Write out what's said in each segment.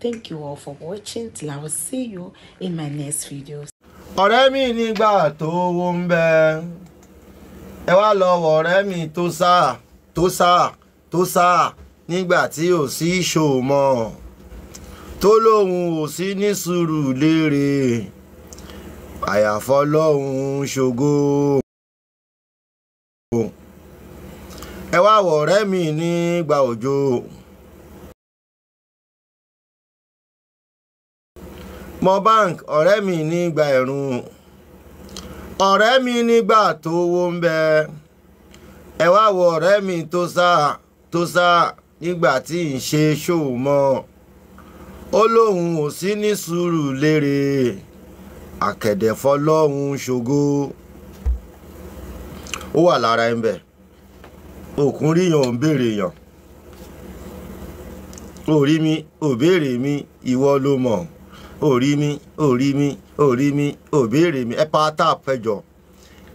thank you all for watching till i will see you in my next videos. ọ̀rẹ́ mi nígbà tó owó ń bẹ ẹ wá lọ wọ ọ̀rẹ́ mi tó sáà tó sáà tó sáà nígbà tí ò sí ìṣòwò mọ́ tó lóun ò sí ní sùúrù léèrè àyàfọ́ lọ́hùn ṣògo. ẹ wá wọ̀ ọ̀rẹ́ mi nígbà òjò. Mobank ọ̀rẹ́ mi nígbà ẹ̀rùn ọ̀rẹ́ mi nígbà tó wó ń bẹ ẹ wá wo ọ̀rẹ́ mi tó sá tó sá nígbà tí ń ṣe ṣòwò mọ́ ó lóun ò sí ní sùúrù lérè àkẹ̀dẹ̀fọ́ lọ́hùn ṣògo ó wà lára ẹ̀ ń bẹ̀ òkun ríyàn ò ń béèrè yàn orí mi ò mi ìwọ ló mọ̀ ò rí mi ò rí mi ò rí mi ò béèrè mi ẹ pa tap ẹ jọ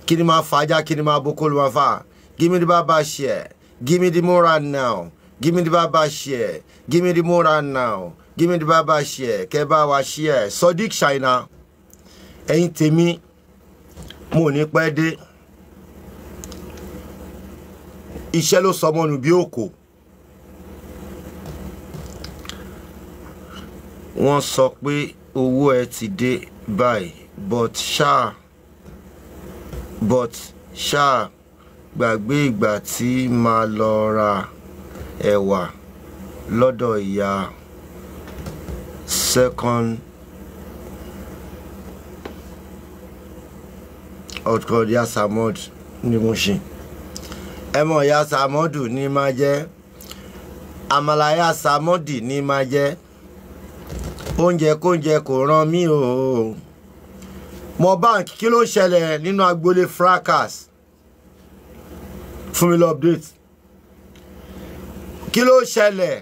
kí ni máa fa ajá kí ni máa boko ló máa fa give me the baba share give me the moral now give me the baba share give me the moral now give me the baba share kẹ bá wa share Sodiq Shaina ẹ̀yin tèmi mo ní pẹ́ dé iṣẹ́ ló sọ mọ́nu bí òkò. wọ́n sọ pé owó ẹ ti dé báyìí but ṣáà but ṣáà gbàgbé ìgbà tí màá lọ ra ẹ̀wà lọ́dọ̀ ìyá second ọ̀tọ̀ ìyá samod ní Mushin ẹ̀mọ̀ Yasamodu ni ní máa jẹ́ àmàlà ìyá samodi ní máa jẹ́ oúnjẹ kóúnjẹ kò ràn mí o bank kí ló ń ṣẹlẹ̀ nínú agboolé fracas fún mi lọ update kí ló ṣẹlẹ̀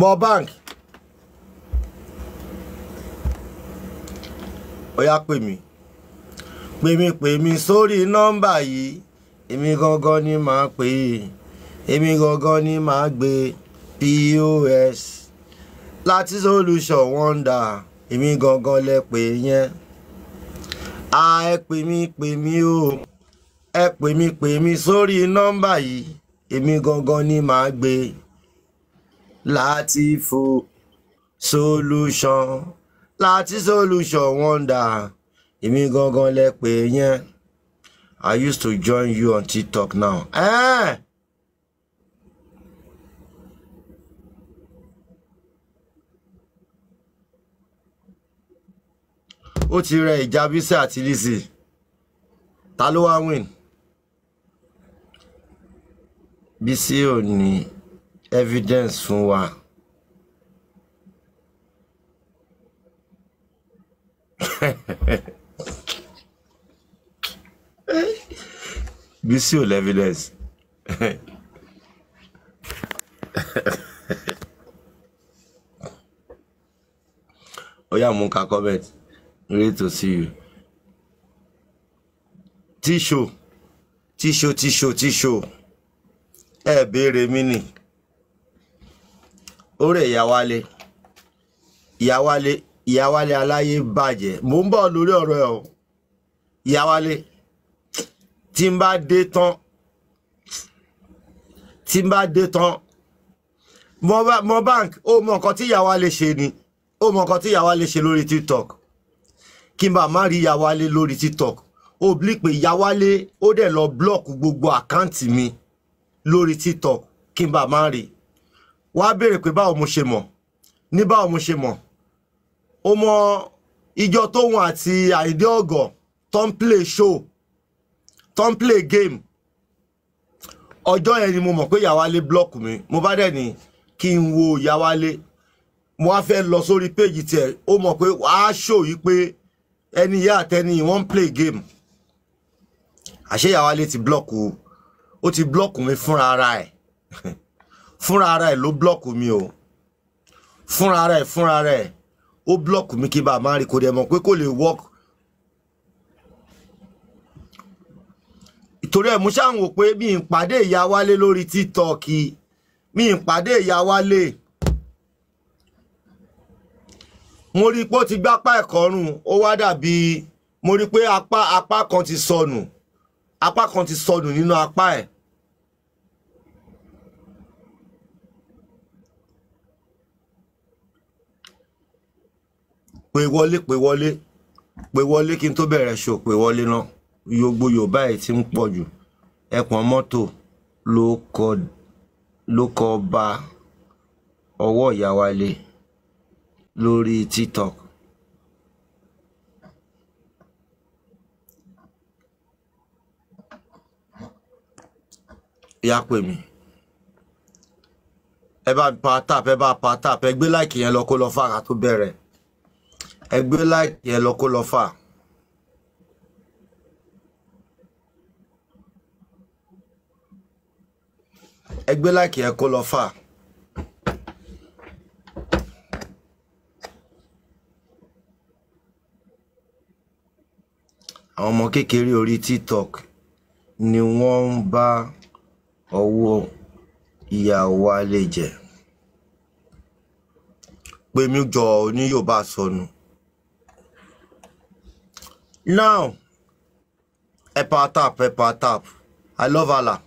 Mohbad ó yá pè mí pè mí pè mí sórí nọ́mbà yìí èmi gangan ni màá pè é èmi gangan ni màá gbé e pos láti solution wonder èmi gangan lẹ pè yẹn a ẹ pè mí pè mí o ẹ pè mí pè mí sórí nọ́mbà yìí èmi gangan ni màá gbé láti fo solution láti solution wonder èmi gangan lẹ pè yẹn i used to join you on tiktok now. Eh! ó ti rẹ ìjà Bísí àti Lizzy ta ló wá win Bísí ò ní evidence fún wa. Bísí ò ní evidence. Oya yá mú comment. Great to see you. Tíṣo tíṣo tíṣo tíṣo ẹ béèrè mí nì. Ó rẹ̀ ìyá wálé. Ìyá wálé ìyá wálé aláyé bàjẹ́. Mò ń bọ̀ lórí ọ̀rọ̀ ẹ̀ o. Ìyá wálé tí n bá dé tán tí n bá dé tán mo bank ó mọ nǹkan tí ìyá ṣe ni ó mọ nǹkan tí ìyá ṣe lórí TikTok kí n bá má rí Yawálé lórí TikTok oblique pé Yawálé ó dẹ̀ lọ blọ́ọ̀kù gbogbo àkáǹtì mi lórí TikTok kí n bá má rí wá béèrè pé báwo mo ṣe mọ̀ ní báwo mo ṣe mọ̀ ó mọ ìjọ tóun àti Àyìndé Ọ̀gọ̀ tó play show tó play game ọjọ́ yẹn ni mo mọ̀ pé Yàwálé block mi mo bá dẹ̀ ní kí n wo Yàwálé mo wá fẹ́ lọ sórí péjì tiẹ̀ ó mọ̀ pé wàá ṣò pé ẹni ìyá àtẹni wọ́n ń play game àṣé ìyá Wálé ti block o ó ti block mi fúnra ara ẹ̀ fúnra ara ẹ̀ ló block mi o fúnra ara ẹ̀ fúnra ara ẹ̀ ó block mi kí bá a máa rí kó dẹ̀ mọ̀ pé kò lè work ìtòrí ẹ̀ mú ṣáà ń wò pé mi ń pàdé ìyá Wálé lórí TikTok mi ń pàdé ìyá Wálé mo rí pé ó ti gbápá ẹ̀kọ́ rùn ó wá dàbí mo rí pé apá apá kan ti sọnù apá kan ti sọnù nínú apá ẹ̀. pè wọlé pè wọlé pè wọlé kí n tó bẹ̀rẹ̀ ṣò pè wọlé náà yogbo yorùbá ẹ̀ ti ń pọ̀ jù ẹ̀pọ̀n mọ́tò ló kọ ọba ọwọ́ ìyá wa lé lórí TikTok. ìyá pè mí ẹ bá pa tap ẹ bá pa tap ẹ gbé láìkì yẹn lọ kó lọ fà ká tó bẹ̀rẹ̀ ẹ gbé láìkì yẹn lọ kó lọ fà. ẹ láìkì yẹn kó lọ fà. àwọn ọmọ kékeré orí tiktok ni wọ́n ń bá ọwọ́ ìyá Wálé jẹ Pèmí jọ ní Yorùbá sọnù now epa tap epa tap i love Allah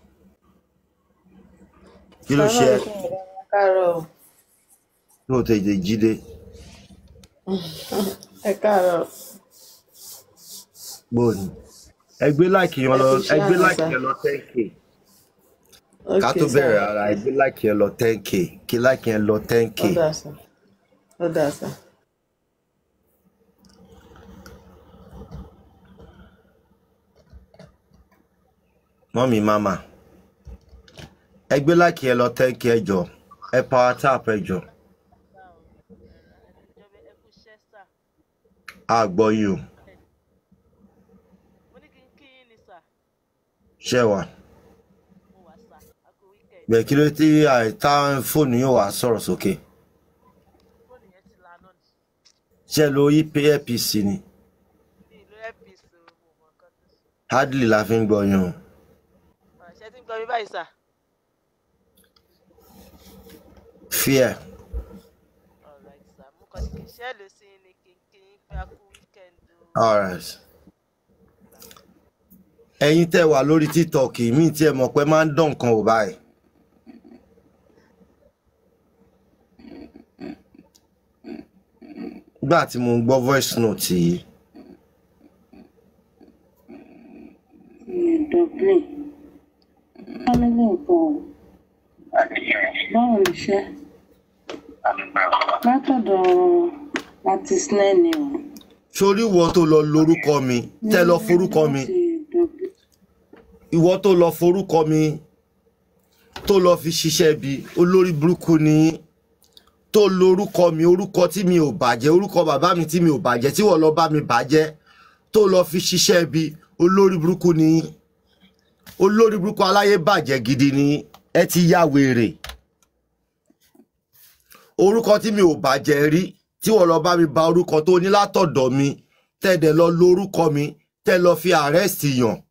kí ló ṣe ní òtẹ̀jẹ̀ jíde ẹ káàárọ̀ gbóòní ẹgbẹ́ láìkì yẹn lọ ẹgbẹ́ láìkì yẹn lọ ten k ká tó bẹ̀rẹ̀ ara ẹgbẹ́ láìkì yẹn lọ ten k kí láìkì yẹn lọ ten ó dà sá. mọ́mí mama ẹgbẹ́ láìkì yẹn lọ ten k ẹjọ ẹ power tap ẹjọ. àgbọ̀yìn o. ṣẹwà bẹ́ẹ̀ kí ló tí àìta fóònù yóò wá sọ̀rọ̀ sókè ṣe lo apc ni hardly la fi ń gbọ́ fear. All right ẹ̀yin tẹ́ wà lórí tiktok mi tí ẹ mọ̀ pé máa ń dán nǹkan ò báyìí. gbà tí mo ń gbọ́ voice note yìí. dublin kálílẹ̀ ìbọn báwo ni iṣẹ́ látọ̀dọ̀ artist náà ni o. sórí wọ́n tó lọ lórúkọ mi tẹ́ lọ forúkọ mi ìwọ tó lọ forúkọ mi tó lọ fi ṣiṣẹ́ bí olórí burúkú ni tó lorúkọ mi orúkọ tí mi ò bàjẹ́ orúkọ bàbá mi tí mi ò bàjẹ́ tí wọ́n lọ bá mi bàjẹ́ tó lọ fi ṣiṣẹ́ bí olórí burúkú ni olórí burúkú aláyé bàjẹ́ gidi ni ẹ ti ya wèrè orúkọ tí mi ò bàjẹ́ rí tí wọ́n lọ bá mi ba orúkọ tó ní látọ̀dọ̀ mi tẹ́ dẹ̀ lọ lórúkọ mi tẹ́ lọ fi àrẹ́sì yàn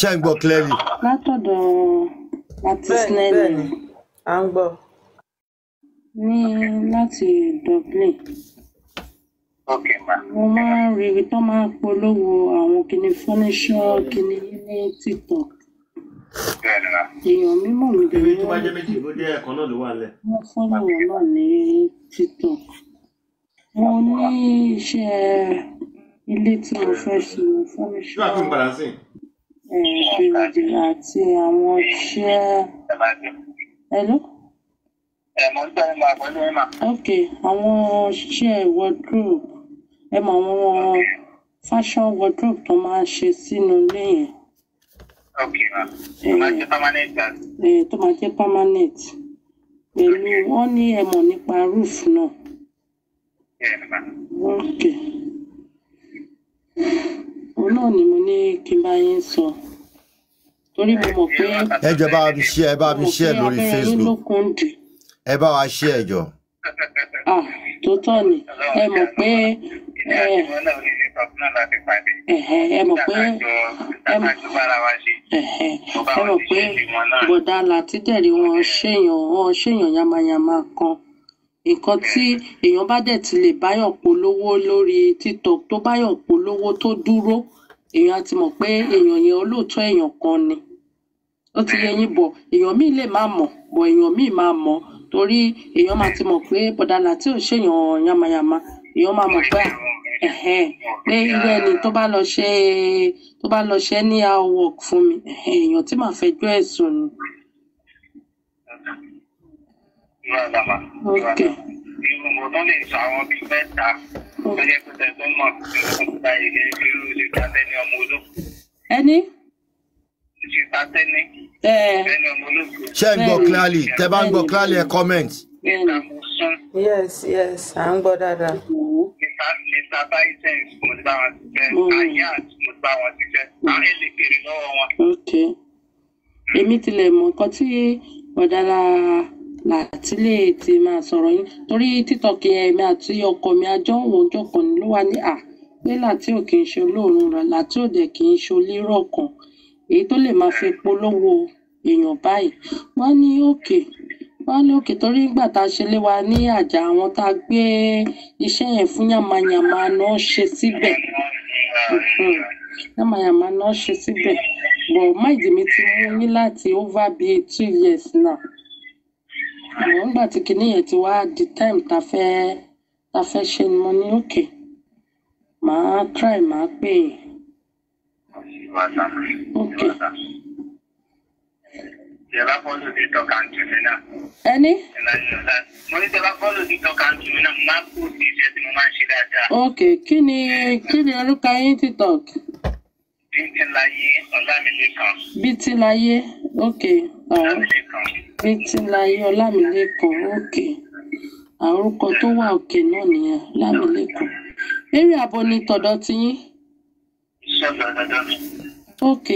ṣé ń gbọ́ clearly. látọ̀dọ̀ artist Nelly. à ń gbọ́. ní láti Dublin. Okay, ma. mo máa ń rí ibi tó máa ń polówó àwọn kinní fọ́níṣọ́ kinní ní TikTok. èèyàn mímọ̀ mi dẹ̀ ní wọ́n. ìwé tó bá jẹ́ méjì ló jẹ́ ẹ̀kan náà ló wà lẹ̀. wọ́n fọ́nà ní TikTok. mo ní iṣẹ́ ilé tí mo fẹ́ ṣe fọ́níṣọ́. yóò àfihàn padà sí i bìrìbìrì àti àwọn chair. Hello? Ẹ mọ̀ nígbà yẹn máa pẹ̀lú ẹ̀ mà. Ok, àwọn chair wardrobe ẹ mọ̀ àwọn fashion wardrobe tó máa ń ṣe sínú ilé yẹn. Ok, ma. Tó máa jẹ́ permanent. Ẹ tó máa jẹ́ permanent. Pẹ̀lú wọ́n ní ẹ mọ̀ nípa roof náà. Ẹ ma òun náà ni mo ní kí n bá yín sọ torí mo mọ̀ pé. ẹ jọ bá mi ṣe ẹ bá mi ṣe lórí Facebook ẹ bá wa ṣe ẹ jọ. tó tọ́ ni ẹ mọ̀ pé ẹ mọ̀ pé ẹ mọ̀ pé bọ̀dá làtìtẹ̀rí wọn ṣèyàn wọn ṣèyàn yamayama kan nǹkan tí èèyàn bá dẹ̀ ti lè báyàn polówó lórí TikTok tó báyàn polówó tó dúró èèyàn ti mọ̀ pé èèyàn yẹn olóòótọ́ èèyàn kan ni ó ti yẹ yín bọ̀ èèyàn míì lè má mọ̀ bọ̀ èèyàn míì máa mọ̀ torí èèyàn máa ti mọ̀ pé bọ̀dàlà tí ò ṣèyàn yamayama èèyàn máa mọ̀ pé ẹ̀hẹ́n pé irú ẹni tó bá lọ ṣe tó bá lọ ṣe ní hour work fún mi ẹ̀hẹ́n èèyàn tí màá fẹjọ́ ẹ̀sùn ni irú ṣe ń gbọ́ clearly tẹ́ bá ń gbọ́ clearly ẹ comment. yes yes à ń gbọ́ dáadáa. Mr. tilẹ̀ mọ̀ nǹkan tí ọ̀dàlà láti lè ti máa sọ̀rọ̀ yín torí títọ́kì ẹ̀mí àti ọkọ mi àjọ ń wọ́n jọ̀kọ̀ ni ló wà ní à pé láti ò kì í ṣe olóòórùn rẹ̀ láti ò dẹ̀ kì í ṣe olérò kan èyí tó lè máa fi polówó èèyàn báyìí wọ́n ní òkè wọ́n ní òkè torí nígbà tá a ṣe lé wa ní àjà àwọn tá a gbé iṣẹ́ yẹn fún yàmàyàmà náà ṣe síbẹ̀ yàmàyàmà náà ṣe síbẹ̀ but mind mi ti mú ní láti over be two years now àmọ́ ńgbà tí kinní yẹn ti wá di time ta fẹ́ ta fẹ́ ṣe ni mo ní òkè màá try màá pè yín. òkè. Ìjọba fọ́lù ti tọ́ka ń tún mi náà. Ẹni. Mo ní ìjọba fọ́lù ti tọ́ka ń tún mi náà, máa kú sí tí mo máa ń ṣe dáadáa. Ok, kí ni kí ni orúkọ yín TikTok? Bítílayé Ọlámilékan. Bítílayé ok. Ọlámilékan. Bítílayé Ọlámilékan ok. Àrùkọ tó wà òkè náà nìyẹn Ọlámilékan. Eré àbò ni tọ̀dọ̀ ti yín. Ok.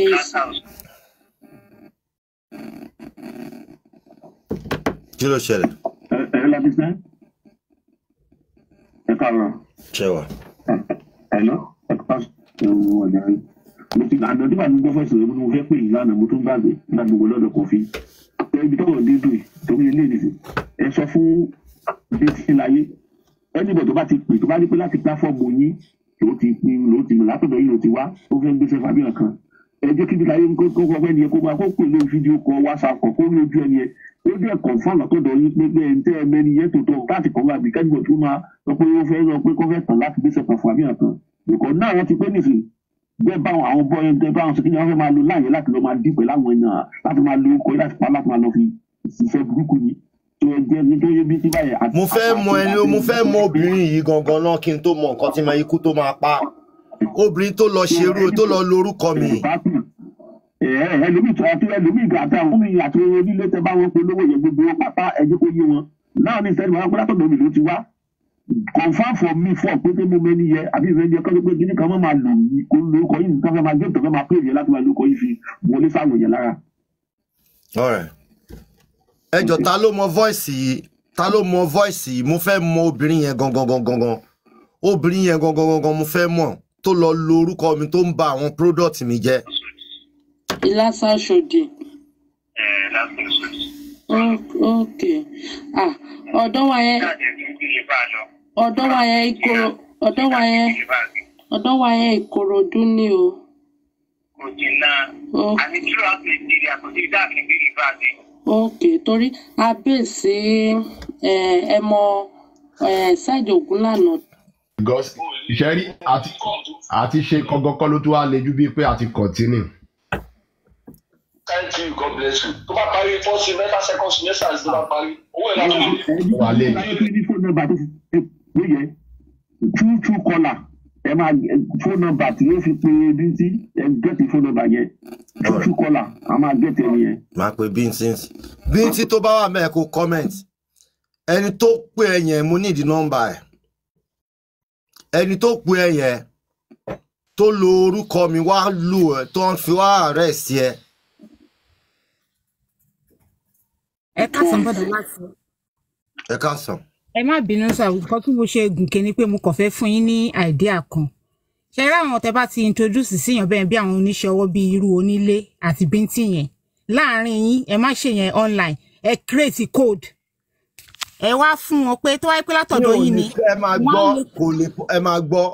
Kí ló ṣẹlẹ̀? Ẹ ẹ lábí sẹ́, ẹ káàárọ̀. Ṣé wà? Ẹ ẹ lọ, ẹ kọ́ pàṣẹ ìwọ̀n ọ̀dọ́ yìí mo ti àná nígbà mo gbọ́ fẹ̀sùn mo fẹ́ pè yín lánàá mo tún gbàgbé nígbà mo wọlé ọ̀dọ̀ Kofi ibi tọ́wọ̀ dídùn torí ilé ìdìbò ẹ sọ fún bíntì láyé ẹnìbọ̀ tó bá ti pè tó bá ní pé láti pláfọ́ọ̀mù yín ló ti pin ló ti látọ̀dọ̀ yín ló ti wá ó fẹ́ gbé sẹ́fà bí ọ̀kan ẹ jẹ́ kí bíntì láyé kó kó fẹ́ ni ẹ kó máa kó pè lórí fídíò kọ wásaà kọ kó rí ojú ẹni ẹ ó dẹ̀ kàn fún àlọ́tọ̀dọ̀ yín pé pé ẹni tẹ́ ẹ mẹ́ni yẹn tó tọ̀ láti kọ́ máa bì tó máa lọ pé ó fẹ́ lọ pé kó fẹ́ tàn láti gbé sẹ́fà fún àbí ọ̀kan ìkọ̀ náà wọ́n ti pé nìsín bẹ́ẹ̀ báwọn àwọn bọ́yẹn bẹ́ẹ̀ báwọn sọ kí wọ́n fẹ́ máa lo láàyè láti lọ máa dìbò láwọn èèyàn láti máa lo orúkọ láti pa láti máa lọ fi ṣiṣẹ́ burúkú ni tó jẹ́ nítorí bí tí báyẹn. mo fẹ́ mọ ẹni mo fẹ́ mọ obìnrin yìí gangan náà kí n tó mọ nǹkan tí mo ikú tó máa pa obìnrin tó lọ ṣerú tó lọ lórúkọ mi ẹlòmíì tó àti ẹlòmíì gàtà àwọn mi àti onílé tẹ bá wọn polówó yẹn gbogbo pátá ẹjẹ kó yé wọn náà ní confam for me for pé pé mo mẹ́ni yẹ àbí ìrẹ́ni yẹ kọ́tọ́ pé kíní kan máa lò yí kó lórúkọ yìí nǹkan fẹ́ máa gbé ìtọ́fẹ́ máa pè yẹ láti máa lórúkọ yìí fi wọlé sáwọn èèyàn lára. ẹ ta ló mọ voice yìí ta ló mọ voice yìí mo fẹ́ mọ obìnrin yẹn gangan gangan obìnrin yẹn gangan gangan mo fẹ́ mọ̀ tó lọ lo orúkọ mi tó ń ba àwọn product mi jẹ́. ìlàsà ṣòdì. ok ah ọ̀dọ́ wa yẹn ọ̀dọ̀ wa yẹn ìkorò ọ̀dọ̀ wa yẹn ọ̀dọ̀ wa yẹn ìkòròdú ni o. kò jìnnà ok torí a bèsè ẹ mọ ṣáìdì ògùn lànà. because ìṣẹ́rí àti ṣe kankan kọ́ ló tún wá le jù bíi pé àti continue. Thank you, God bless you. Tó bá parí first semester, second semester, tó bá parí. Owó ẹ̀ láti níyẹn ẹ phone number tí yóò pe ẹ phone number yẹn true true a máa ẹni yẹn. máa pe tó bá wà mẹ́ẹ̀ kó comment ẹni tó ẹ yẹn mo ní ìdí ẹ ẹni tó ẹ yẹn lo orúkọ mi wá lù ẹ tó ń fi wá ẹ. ẹ má bínú sá nǹkan tí mo ṣe gùnkè ni pé mo kàn fẹ́ fún yín ní àìdíà kan ṣe rí àwọn tẹ bá ti introduce síyàn bẹ́ẹ̀ bí àwọn oníṣẹ́ ọwọ́ bíi irú onílé àti bíntì yẹn láàárín yín ẹ má ṣe yẹn online ẹ create code ẹ wá fún wọn pé tó wáyé pé látọ̀dọ̀ yìí ni. ẹ máa gbọ́ kò lè ẹ máa gbọ́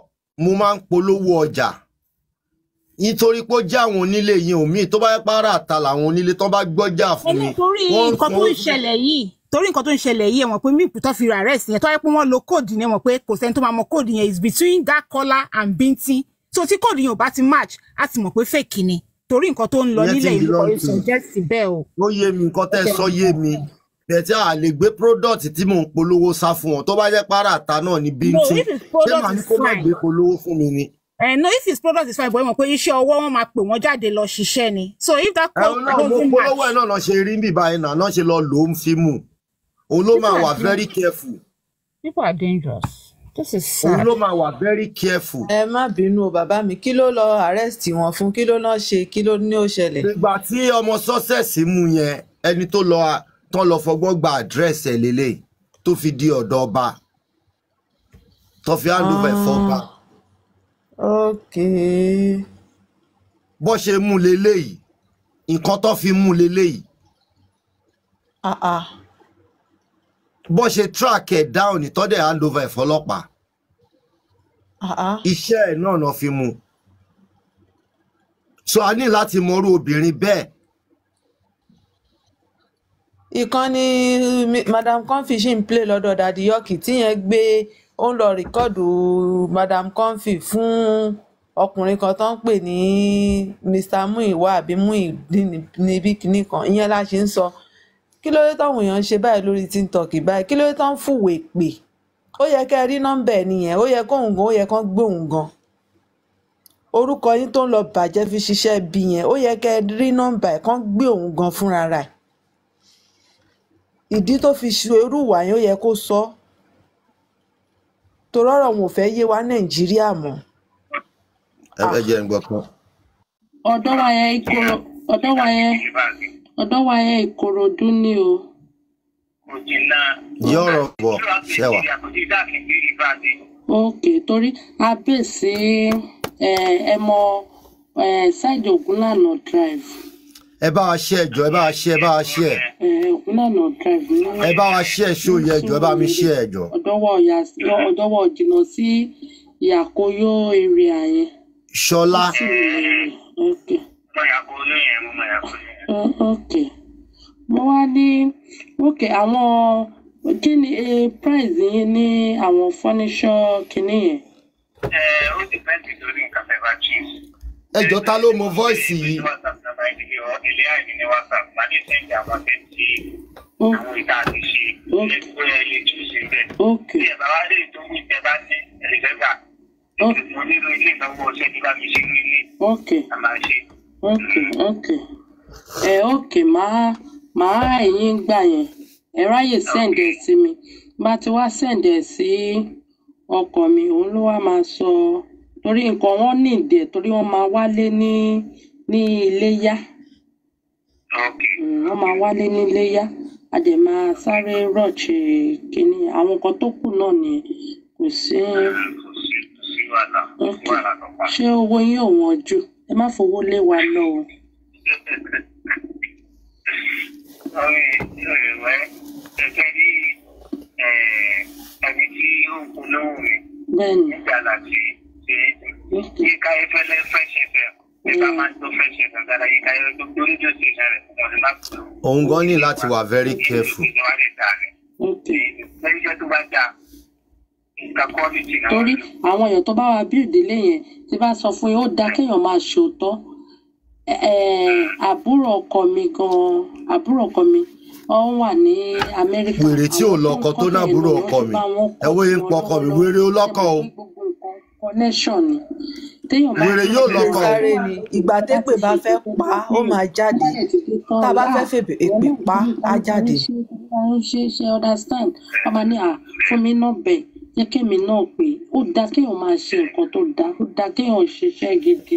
mo máa ń polówó ọjà nítorí pé ó jẹ́ àwọn onílé yìí òmíì tó bá yẹ pààrà àtà làwọn onílé tó bá gbọ́jà fún mi. ẹni torí nǹkan tó ń ṣẹlẹ̀ yìí torí nǹkan tó ń ṣẹlẹ̀ yìí ẹ̀wọ̀n pé mímú tó fi arrest yẹn tó yẹ pé wọ́n lo kóòdù yẹn wọ̀n pé kò sẹ́ni tó máa mọ kóòdù yẹn is between that collar and bintin so tí kóòdù yẹn ò bá ti match á ti mọ̀ pé fake ni torí nǹkan tó ń lọ nílẹ̀ ìlú kò suggest bẹ́ẹ̀ o. ó yé mi nǹkan tẹ́ sọ yé mi bẹ̀tí a lè gbé product tí mò ń polówó sá fún ọ tó bá jẹ́ párata náà ní bíntín Uh, eh, no if his product is fine boy mọ̀ pé iṣẹ́ ọwọ́ wọn máa pè wọ́n jáde lọ ṣiṣẹ́ ni so if that product don fit náà mo polówó ẹ̀ náà lọ ṣe rí bíbá ẹ̀ náà náà ṣe lọ lò fi mú òun ló máa very careful. people are dangerous this is sad. òun ló very careful. ẹ má bínú o bàbá mi kí ló lọ arrest wọn fún kí ló náà ṣe kí ló ní ó ṣẹlẹ̀. ìgbà tí ọmọ sọ́sẹ̀sì mú yẹn ẹni tó lọ tán lọ fọgbọ́n gba àdírẹ́sì ẹ̀ lélẹ̀ tó fi di ọ̀dọ̀ ọba tó fi àlùbọ̀ ẹ̀fọ́ ah, ṣe mú leléyìí nǹkan tó fi mú leléyìí. ah ah bó ṣe track ẹ̀ down ìtọ́dẹ̀ hand over ẹ̀ fọlọ́pàá uh-huh. iṣẹ́ ẹ̀ náà náà fi mu so a ní láti mọrú obìnrin bẹ́ẹ̀. ìkànnì eh, madam comfy ṣì ń plé lọ́dọ̀ dadi yọ́ọ̀kì tíyẹn gbé ó ń lọ rìkọ́ọ̀dù madam comfy fún ọkùnrin kan tó ń pè ní mr muiwa àbí muidin níbí kìíní kan ìyẹn la ṣe ń sọ. So kí ló dé táwọn èèyàn ń ṣe báyìí lórí tiktok báyìí kí ló dé táwọn fùwé pè ó yẹ kẹ́ ẹ rí nọ́mbà ẹ̀ nìyẹn ó yẹ kóhùn gan ó yẹ kán gbóhùn gan orúkọ yín tó ń lọ bàjẹ́ fi ṣiṣẹ́ bí yẹn ó yẹ kẹ́ ẹ rí nọ́mbà ẹ̀ kán gbé òun gan fúnra rẹ̀ ìdí tó fi ṣe irú ìwà yẹn ó yẹ kó sọ torọ́rọ̀ wọn ò fẹ́ yé wa nàìjíríà mọ́. ẹ fẹ́ jẹ́ ń gbọ́ kan. ọ̀dọ́ wa yẹn ọ̀dọ́ wa yẹn ọ̀dọ̀ wa ẹ Ìkòròdú ni o. kò jìnnà. yọ̀rọ̀ bọ̀ ṣẹ́wà. ok torí abèsè ẹ mọ ṣáìdì Ògúnlànà drive ẹ bá wa ṣe ẹjọ ẹ bá wa ṣe ẹ bá wa ṣe ẹ. ẹ bá wa ṣe ẹṣọ yẹ ẹjọ ẹ bá mi ṣe ẹjọ. ọdọwọ jìnnà sí ìyàkóyó èrè àyẹn. ṣọlá. ọmọ ìyàkó olóyè ọmọ ìyàkó yẹn. Uh, okay. Mo wá ní okay àwọn kí ni e, price yín ní àwọn furniture kinní yẹn? Ẹ ó ti pẹ́ǹtì lórí nǹkan tẹ́ bá choose. Ẹ jọ ta ló mọ voice yìí? Ilé àìní ní WhatsApp, màá ní sẹ́ǹdì àwọn tẹ́ǹtì oh. àwọn ìta àti ṣe ilé ilé tó ṣe bẹ́ẹ̀. Bí ẹ bá wá lè tó wí tẹ́ bá ní ẹ̀rẹ́gbẹ́gbà. Oh. Mo nílò ilé ìnáwó ọ̀sẹ̀ ní mi ṣe ní ilé. A máa ṣe. Mm ẹ òkè máa máa ẹ̀yìn gbà yẹn ẹ ráyè send ẹ̀ sí mi bá ti wá send ẹ̀ sí ọkọ mi òun ló wá máa sọ torí nǹkan wọn ní ìdí ẹ̀ torí wọ́n máa wálé ní ní iléyá mm, wọ́n máa wálé ní iléyá a dẹ̀ máa sáré rọ̀ọ̀ṣì kínní àwọn nǹkan tó kù náà ni kò sí ṣé owó yín ò wọ́n jù ẹ má fowó lé wa lọ bẹ́ẹ̀ni. ìjàlá eh, sí ṣe yíká ẹfẹlẹ fresh fm nípa máa ń tó fresh fm dáadáa yíká ẹfẹlẹ tó lórí tó ṣe rẹ ọdún máa tó. òun gan ní láti wà very careful. ìjọba lè dà ní. lẹ́yìn iṣẹ́ tó bá dà torí àwọn èèyàn tó bá wa bí ìdílé yẹn ti bá sọ fún yín ó dáa kéèyàn máa ṣòótọ́ Eh, àbúrò ọkọ mi gan-an àbúrò ọkọ mi wọ́n wà ní amẹ́ríkà. wèrè tí ò lọkọ tó náà àbúrò ọkọ mi ẹ wo yín pọ ọkọ mi wèrè ó lọkọ o. wèrè yóò lọkọ o. ìgbà tẹ́pẹ̀ bá fẹ́ pa ó máa jáde tá a bá fẹ́ fèpè èpè pa á jáde. ṣe ṣe understand ọmọ ní à fún mi náà bẹ̀ jẹ́ kémi náà pé ó dáa kéèyàn máa ṣe nǹkan tó dáa ó dáa kéèyàn ṣiṣẹ́ gidi.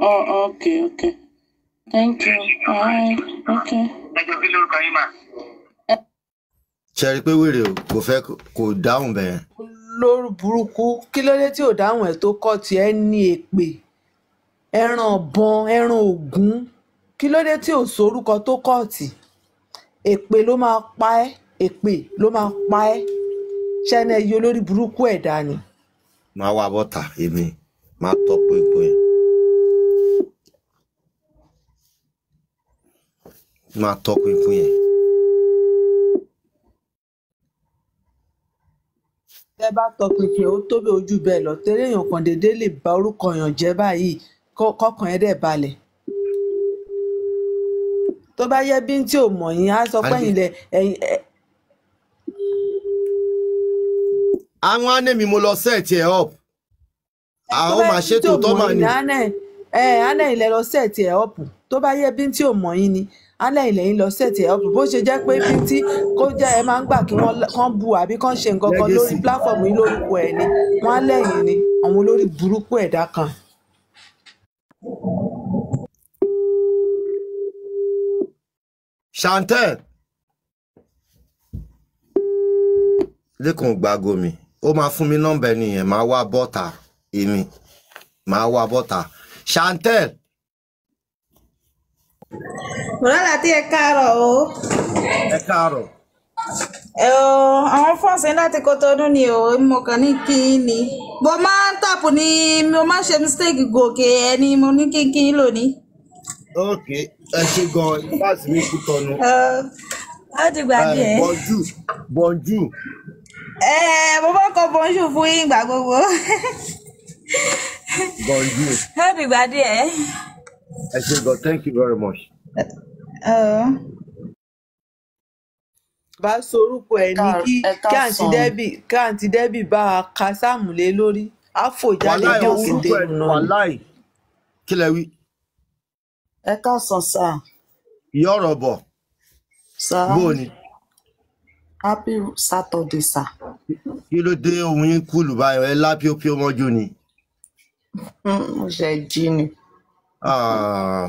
Oh, okay, okay. Thank you. Bye. Okay. Ṣé rí pé wèrè kò fẹ́ kò dáhùn bẹ́ẹ̀? Lóru burúkú, kí ló dé tí ò dáhùn ẹ̀ tó kọ́ tiẹ̀ ní èpè? Ẹran ọ̀bọ̀n, ẹran ògún. Kí ló dé tí ò sorúkọ tó kọ́ tì? Èpè ló máa pa ẹ́, èpè ló máa pa ẹ́. Ṣẹ́ni máa wà bọ́tà èmi máa tọ́ pinpin ẹ̀ máa tọ́ pinpin ẹ̀. ẹ bá tọ pinpin ó tó bẹ ojú bẹ́ẹ̀ lọ tẹ́lẹ̀ èèyàn kan déédéé lè ba orúkọ èèyàn jẹ́ báyìí kọ́kàn ẹ̀ dẹ̀ balẹ̀ tó bá yẹ bí n tí ò mọ̀ yín á sọ pé ẹ̀yin lẹ àwọn anemi mo lọ set ẹ up àwọn máa ṣètò tó máa ní. ẹ anẹ́ ilẹ̀ lọ set ẹ up tó bá yẹ bí tí ò mọ̀ yín ni alẹ́ ilẹ̀ yín lọ set ẹ up bó ṣe jẹ́ pé bí tí kò jẹ́ ẹ máa ń gbà kí wọ́n bu àbí kán ṣe nǹkan kan lórí platform yín lórúkọ ẹ̀ ni wọ́n á lẹ́yìn ni àwọn olórí burúkú ẹ̀dá kan. Chantel lẹ́kàn gbàgò mi ó máa fún mi nọ́mbà ẹni yẹn máa wá bọ́tà èmi máa wá bọ́tà Chantel. bùrọ̀dà tí ẹ káàárọ̀ o. ẹ káàárọ̀. àwọn fọ́ọ̀sì láti Kòtọ́dún ni o mo kàn ní kí ni mo máa ń tàpù ní mo máa ń ṣe mistake gòkè ẹ ni mo ní kí kí lónìí. ok ẹ ṣe gan-an láti ní Kòtọ́dún. ó ti gbàgbé ẹ. bọ́njú bọ́njú Eh, mo bá kọ bọ́ńṣù fún yín ìgbà gbogbo. bọ́ńṣù. help ìgbà díẹ̀. ẹ ṣe gan thank you very much. Oh. bá sorúkọ ẹ ní kí kí àǹtí débì kí àǹtí débì bá a ka sáàmù lé lórí àfòjálè ní òkété nù. wàláì kí lẹ wí. sáà. ìyá bọ̀. bóò ni happy saturday sir. kí ló dé ohun yín kúlù báyọ̀ ẹ lá píopíó mọ́jú ni. Hmm, mo ṣe jí ni. Ah,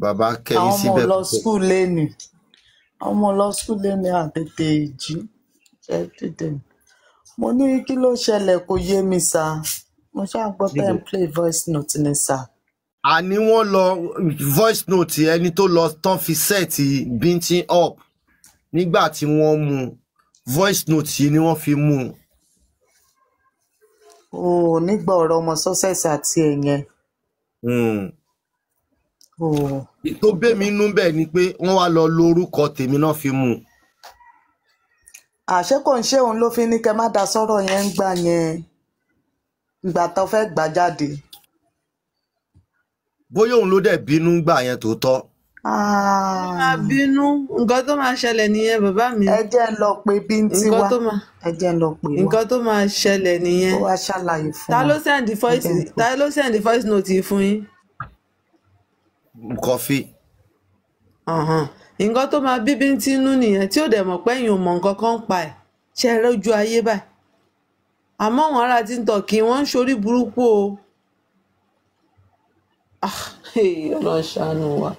bàbá kẹ́yìn síbẹ̀. àwọn ọmọ lọ skul lẹ́nu ọmọ lọ skul lẹ́nu àtètè jí ṣe tètè mo ní kí ló ṣẹlẹ̀ kò yé mi sá mo ṣáà gbọ́ pé n play voice note ni sá. àní wọ́n lọ voice note ẹni tó lọ tán fi sẹ́ẹ̀tì bíntín up nígbà tí wọ́n mú un voice note yìí ni wọ́n fi mú un. o ò nígbà ọ̀rọ̀ ọmọ success àti ẹ̀yẹn. Hmm. tó bẹ́ mi nú bẹ́ẹ̀ ni pé wọ́n wá lọ lo orúkọ tèmi náà fi mú un. àṣé kò ń ṣe òun ló fi ní kẹ́ má da sọ́rọ̀ yẹn ń gbà yẹn ìgbà tó fẹ́ gbà jáde. bóyá òun ló dẹ̀ bínú gbà yẹn tó tọ́. Ah. máa bínú nǹkan tó máa ṣẹlẹ̀ nìyẹn bàbá mi. ẹ jẹ́ lọ pé bí n ti wá ẹ jẹ́ lọ pé wá nǹkan tó máa ṣẹlẹ̀ nìyẹn. ó wá ṣàlàyé fún wa ta ló send voice ta ló send voice note fún yín. kọfí. nǹkan tó máa bíbí ń tinú nìyẹn tí ò dẹ̀ mọ̀ pé èèyàn mọ̀ nǹkan kan pa ẹ̀ ṣe é lójú ayé báyìí àmọ́ àwọn ará ti ń tọ̀ kí wọ́n ń ṣorí burúkú o. Ah, ọlọ́run wa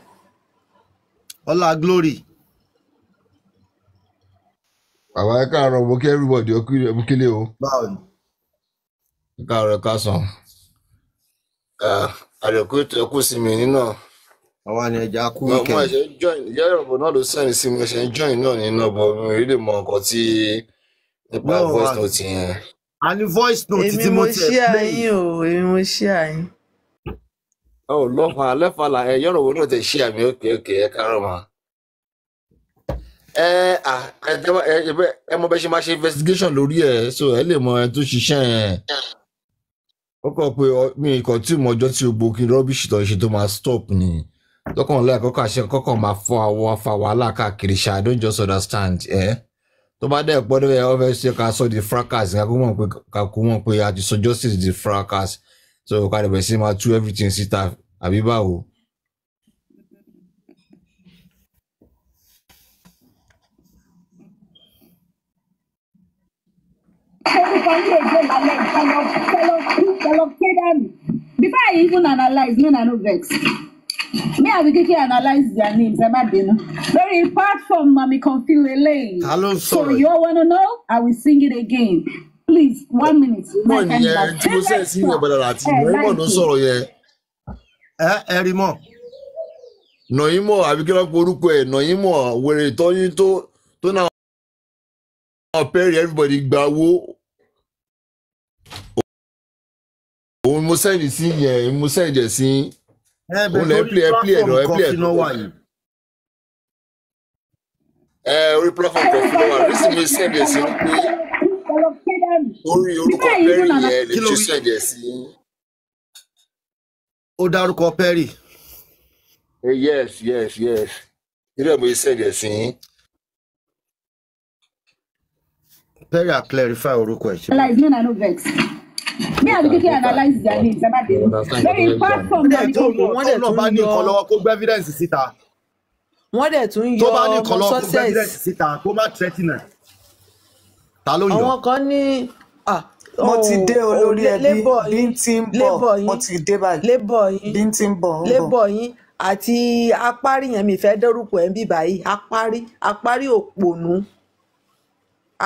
ọlá glory. bàbá ẹ káàárọ̀ mo kí everybody ó kílé o. báwo ni. ẹ káàárọ̀ ẹ káàsán. àdẹ̀kú ẹkú sí mi nínú. àwa ni ẹja kú wíkẹ́. mo ṣe ń join ìyá ìrọ̀bù náà ló sẹ́ni sí mo ṣe ń join náà nínú ọ̀bọ̀ mi ò lè mọ nǹkan tí nípa voice note yẹn. a ní voice note tí mo tẹ̀ sílẹ̀ yìí. èmi mo ṣí àyín o èmi mo ṣí àyín. Oh, lọ́fà lẹ́fà là ẹ yọ̀rọ̀ wo ló ti ṣí àmì òkè òkè ẹ kárọ̀ ma. Ẹ à ẹ mọ bẹ ṣe máa ṣe investigation lórí ẹ so ẹ lè mọ ẹ tó ṣiṣẹ́ ẹ. Ó kọ́ pé mi kàn tí mo ọjọ́ tí o bo kí rọ́bìṣì tó ṣe tó máa stop ni. Lọ́kàn lẹ́yìn kọ́kọ́ àṣẹ kọ́kọ́ máa fọ́ àwọ̀ afa wàhálà káàkiri ṣá I don't just understand ẹ. Tó bá dẹ̀ pọ́ dẹ́rẹ́ ọ fẹ́ ṣe ká sọ di fracas ká kó mọ̀ pé a ti sọ justice di fracas so ká lè bẹ̀rẹ̀ sí máa tú everything síta àbí báwo. Everybody again, Alex, fellow, fellow, fellow, fellow, before I even analyze, me, I no vex. me and Wikiki analyze their names. I'm not being very apart from Mami Confilele. Hello, sorry. So you all want to know? I will sing it again please one minute. mọ̀ nìyẹn tí mo sẹ́ sí ìyẹn bọ̀dọ̀ àti nọ̀ìmọ̀ ló sọ̀rọ̀ yẹn. ẹ ẹ rí mọ̀. nọ̀ìmọ̀ àbíkẹ́lẹ́ orúkọ ẹ̀ nọ̀ìmọ̀ wèrè ìtọ́yún tó tó náà pẹ́ẹ́rì everybody gba owó. òun mo sẹ́ndì sí yẹn mo sẹ́ndì ẹ̀ sí. ẹ bẹ̀rẹ̀ lórí platform kan fi náà wà yìí orí platform kan fún wa rísì mi sẹ́ẹ̀dì ẹ̀sìn ń pé orí orúkọ perry yẹn lè tún ṣẹ̀jẹ̀ sí i. ó dárúkọ perry. Eh, yes yes yes ilé ìwé ṣẹ̀jẹ̀ sí i. perry a clarify orúkọ ẹ̀ ṣe. wọ́n dẹ̀ tún yọ ọmọ success. àwọn kan ní. Ah, mo ti oh, dé olórí oh, ẹbí bí n ti ń bọ̀ mo ti dé báyìí bí n ti ń bọ̀ ń bọ̀ àti apárí yẹn mi fẹ́ dọ́rùkọ ẹ̀ ń bì báyìí apárí apárí òpònú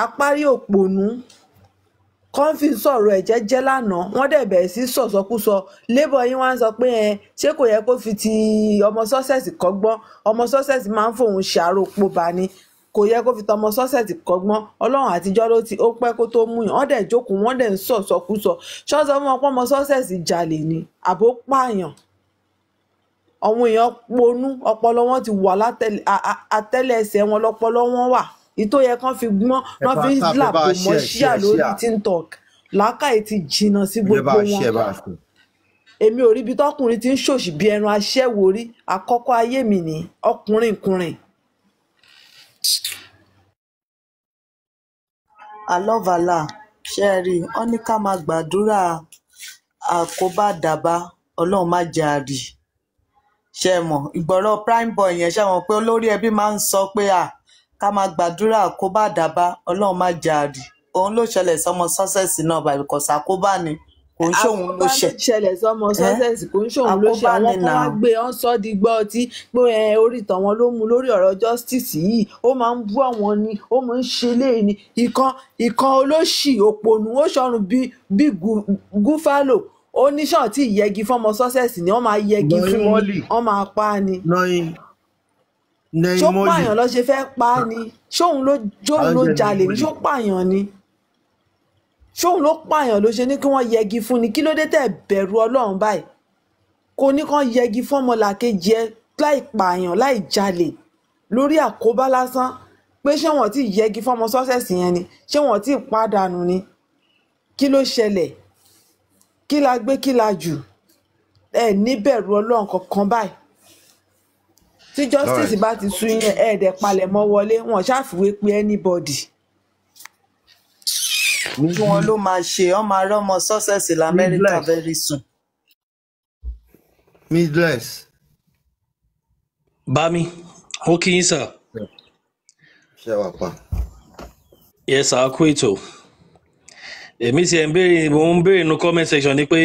apárí òpònú kàn fi sọ̀rọ̀ ẹ̀ jẹ́jẹ́ lánàá wọ́n dẹ̀ bẹ̀rẹ̀ sí sọ̀sọ́kúsọ labour yín wá ń sọ pé ẹ ṣé kò yẹ kó fi ti ọmọ success kọ́gbọ́n ọmọ success máa ń fòun ṣàròpọ̀ bá ní kò yẹ kó fi tọmọ sọ́sẹ̀tì kọ́gbọ́n ọlọ́run àtijọ́ ló ti ó pẹ́ kó tó mú yàn wọ́n dẹ̀ jókòó wọ́n dẹ̀ ń sọ sọkúsọ ṣọ́ọ́sọ fún ọpọ́ ọmọ sọ́sẹ̀tì jalè ni àbó pààyàn àwọn èèyàn ponú ọpọlọ wọn ti wà látẹ́lẹ̀ ẹsẹ̀ wọn lọpọlọ wọn wà ìtó yẹ kán fi gbọ́n wọ́n fi slap kò mọ́ ṣíà lórí tiktok làákàyè ti jìnnà sí gbogbo wọn èmi ò ríbi tọkùnrin ti ń ṣòṣì bí ẹran aṣẹ́wó rí àkọ́kọ́ ayé mi ní ọkùnrin kùnrin alọ́ve allah ṣe é rí i wọn ní ká máa gbàdúrà àkóbá-dábà ọlọ́run má jẹ́ á rí i ṣe mọ̀ ìgbọ̀rọ̀ primeboy yẹn ṣe mọ̀ pé olórí ẹbí máa ń sọ pé à ká máa gbàdúrà àkóbá-dábà ọlọ́run má jẹ́ òun ló ṣẹlẹ̀ sọmọ success náà bàbí kọ́sà àkóbá ni kò ń ṣòun ló ṣe. àkóbá ṣẹlẹ̀ sọmọ success kò ń ṣòun ló ṣe àwọn kan wá gbé ọ́n sọ́ di gbọ́ ọtí pé orí tàwọn ló mu lórí ọ̀rọ̀ justice yìí ó máa ń bú àwọn ni ó máa ń ṣe léyìn ni ìkan ìkan olóṣì òpònú ó ṣọrùn bí gúfálò oníṣàn tí ìyẹgi fọmọ success ni wọ́n máa yẹgi fún wọn máa pa ni. ṣó pààyàn ló ṣe fẹ́ pa ni ṣóun ló jalè ṣó pààyàn ni ṣóun ló pààyàn ló ṣe ní kí wọ́n yẹgi fún ni kí ló dé tẹ̀ bẹ̀rù ọlọ́run báyìí kò ní kàn yẹgi fún ọmọlàkejì ẹ láì pààyàn láì jalè lórí àkóbá lásán pé ṣé wọn ti yẹgi fún ọmọ sọ́sẹ̀sì yẹn ni ṣé wọn ti pàdánù ni kí ló ṣẹlẹ̀ kí la gbé kí la jù ẹ níbẹ̀rù ọlọ́run kankan báyìí tí justice bá ti sún yẹn ẹ̀ẹ́dẹ̀ palẹ̀mọ́ wọlé wọn ṣàfiwé pé anybody kí wọn ló máa ṣe ọ máa rọmọ sọ́sẹ̀sì lamẹ́ríkà very soon. midless. bami ó kí yín sà. ṣé wàá pa. yes sir kú ètò èmi ti ẹ̀ ń béèrè mo ń béèrè nu comment section ni pé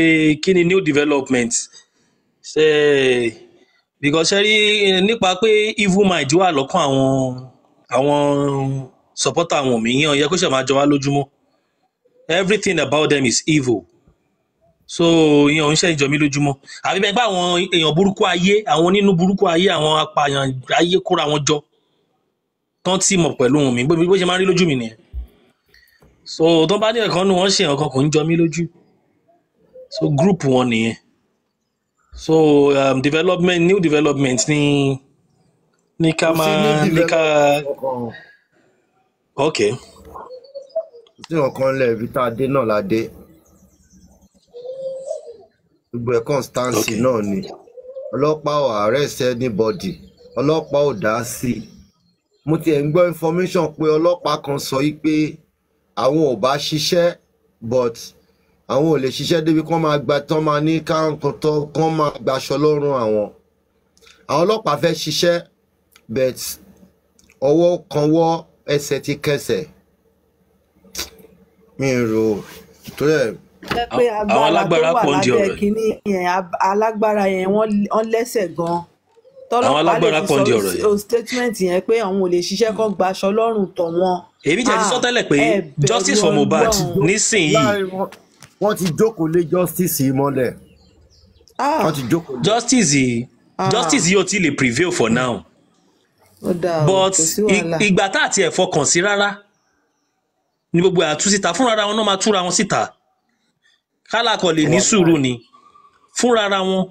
kí ni new development ṣe because ṣe rí nípa pé evil mind wà lọ́kàn àwọn àwọn supporter àwọn òmíyàn yẹ kó ṣe máa jọ wá lójúmọ́ everything about them is evil so ìyẹn òun ṣe ìjọ mi lójúmọ́ àbí bẹ́ẹ̀ gbá àwọn èèyàn burúkú ayé àwọn onínú burúkú ayé àwọn apààyàn ayé kóra wọn jọ tán tí mọ̀ pẹ̀lú mi bó ṣe máa ń rí lójú mi nìyẹn so tó bá ní ẹ̀kan nù wọ́n ṣe nǹkan kò ń jọ lójú so group wọn nìyẹn so um, development new development Ni ni ká máa ní ká okay tí wọn kàn lẹ ibi tá a dé náà la dé gbogbo ẹ constancy náà ni ọlọ́pàá ò arrest anybody ọlọ́pàá ò dá sí i mo tiẹ̀ ń gbọ́ information pé ọlọ́pàá kan sọ yìí pé àwọn ò bá ṣiṣẹ́ but àwọn ò lè ṣiṣẹ́ débi kán máa gba tán máa ní káńkọ́tọ́ kán máa gbaṣọ lọ́rùn àwọn àwọn ọlọ́pàá fẹ́ ṣiṣẹ́ but ọwọ́ kanwọ́ ẹsẹ̀ ti kẹsẹ̀ mi rò tó yẹ. àwọn alágbára pọ̀ ń di ọ̀rọ̀ yìí. alágbára yẹn wọ́n lẹ́sẹ̀ gan-an tọ́lọ́pàá lè fi sọ statement yẹn pé àwọn ò lè ṣiṣẹ́ kan gba aṣọ lọ́rùn tọ̀ wọn. èmi jẹ́ ti ah, sọ tẹ́lẹ̀ pé justice for Mohbad nísìnyí. wọ́n ti jókòó lé justice yìí mọ́lẹ̀. Ah. wọ́n justice yìí ah. justice yìí ò tí ì lè prevail for now. but ìgbà tá àti ẹ̀ fọkàn sí rárá ní gbogbo àtúnṣíta fúnra wọn náà máa túra wọn síta kálàkọ lè ní sùúrù ni fúnra wọn